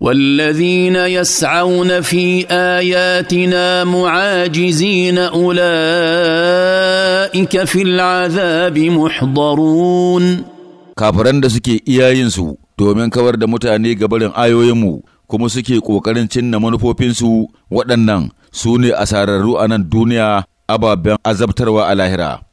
والذين يسعون في اياتنا معاجزين اولئك في العذاب محضرون kafiran da suke iyayensu domin kawar da mutane gabarin ayoyinmu kuma suke ƙoƙarin cinna manufofinsu waɗannan su ne asararru a nan duniya ababen azabtarwa a lahira